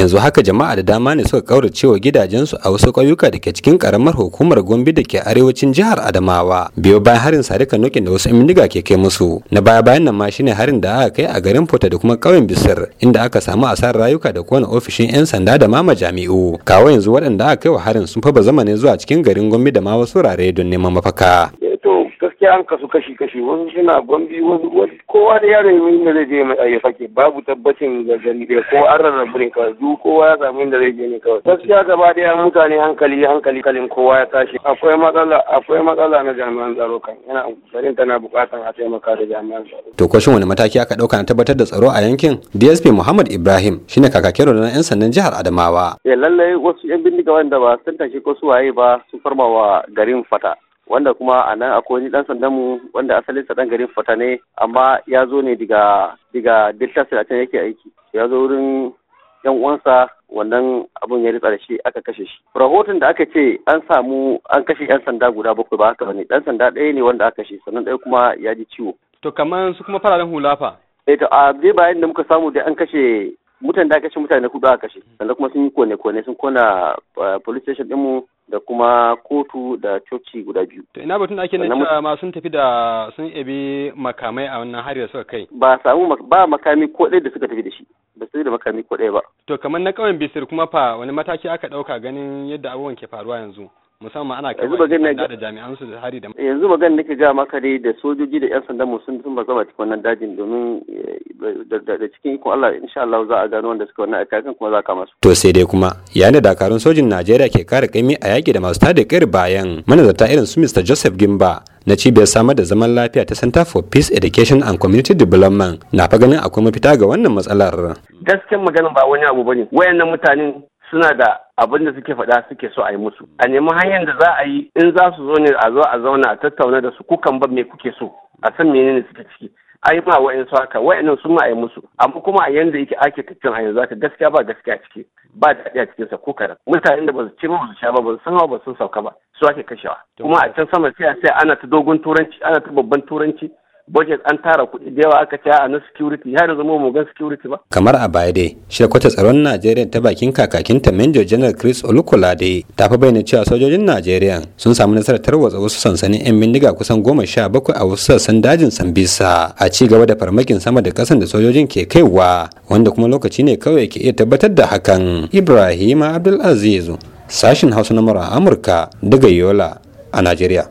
yanzu haka jama'a da dama ne suka wa gidajensu a wasu ƙauyuka da ke cikin ƙaramar hukumar gombe da ke arewacin jihar adamawa biyo bayan harin sadika nokin da wasu bindiga ke kai musu na baya bayan nan ma shine harin da aka kai a garin fota da kuma ƙauyen bisir inda aka samu asarar rayuka da kowane ofishin 'yan sanda da mama jami'u kawo yanzu waɗanda aka kai wa harin sun fa ba zama ne zuwa cikin garin gombe da ma wasu rare don neman mafaka gaskiya an kasu kashi-kashi wasu suna gombi wasu kowa da yaro yi da zai je mai ya fake babu tabbacin ga gani da ko an rarrabu ne kawai duk kowa ya samu inda zai je ne kawai gaskiya gaba ɗaya mutane hankali hankali kalin kowa ya tashi akwai matsala akwai matsala na jami'an tsaro kan yana garin tana buƙatar a taimaka da jami'an tsaro. to kwashin wani mataki aka ɗauka na tabbatar da tsaro a yankin dsp muhammad ibrahim shine kakakin rundunar 'yan sandan jihar adamawa. ya eh, lallai wasu 'yan bindiga wanda ba sun tashi ko su waye ba su farma wa garin fata wanda kuma a nan akwai wani dan sandan mu wanda asalin sa dan garin fata ne amma ya zo ne daga diga Delta sai a can yake aiki ya zo wurin yan uwansa wannan abun ya ritsa da shi aka kashe shi rahoton da aka ce an samu an kashe yan sanda guda bakwai ba haka bane dan sanda ɗaya ne wanda aka kashe sannan ɗaya kuma ya ji ciwo to kamar su kuma fararen hula fa eh to a dai bayan da muka samu da an kashe mutan da aka kashe mutane hudu aka kashe sannan kuma sun yi kone kone sun kona eh, police station din mu da kuma kotu da coci guda biyu. To ina batun ake nan cewa ma sun tafi da sun ebi makamai a wannan hari da suka kai. Ba samu ba makami ko ɗaya da suka tafi da shi. Ba su da makami ko ɗaya ba. To kamar na ƙauyen Bisir kuma fa wani mataki aka ɗauka ganin yadda abubuwan ke faruwa yanzu. musamman ana kai da jami'an su hari da yanzu magana nake ga maka dai da sojoji da yan sandan mu sun sun zama cikin wannan dajin domin eh, da cikin ikon Allah insha Allah za a gano wanda suka wannan aikakan kuma za ka masu to sai dai kuma yayin da dakarun sojin Najeriya ke kare kaimi a yaki da masu tada kar bayan manazarta irin su Mr Joseph Gimba na cibiyar samar da zaman lafiya ta Center for Peace Education and Community Development na fa ganin akwai mafita ga wannan matsalar gaskiyar maganin ba wani abu bane wayannan mutanen suna da abin da suke faɗa suke so a yi musu a nemi hanyar da za a yi in za su zo ne a zo a zauna a tattauna da su kukan ba me kuke so a san menene suke ciki a yi ma wa'insu haka wa'annan sun ma a yi musu amma kuma a yanda yake ake tattun a yanzu haka gaskiya ba gaskiya ciki ba daɗi a cikinsa ko karan mutanen da ba su ci ba su sha ba ba su san ba su sauka ba su ake kashewa kuma a can sama sai a sai ana ta dogon turanci ana ta babban turanci budget an tara kuɗi da yawa aka ce a na security har da mu ga security ba kamar a baya dai shekwata tsaron Najeriya ta bakin kakakinta Major General Chris Olukolade ta fi bayyana cewa sojojin Najeriya sun samu nasarar tarwatsa wasu sansanin yan bindiga kusan goma sha bakwai a wasu sassan dajin Sambisa a ci gaba da farmakin sama da kasan da sojojin ke kaiwa wanda kuma lokaci ne kawai ke iya tabbatar da hakan Ibrahim Abdulaziz sashin Hausa na Amurka daga Yola a Najeriya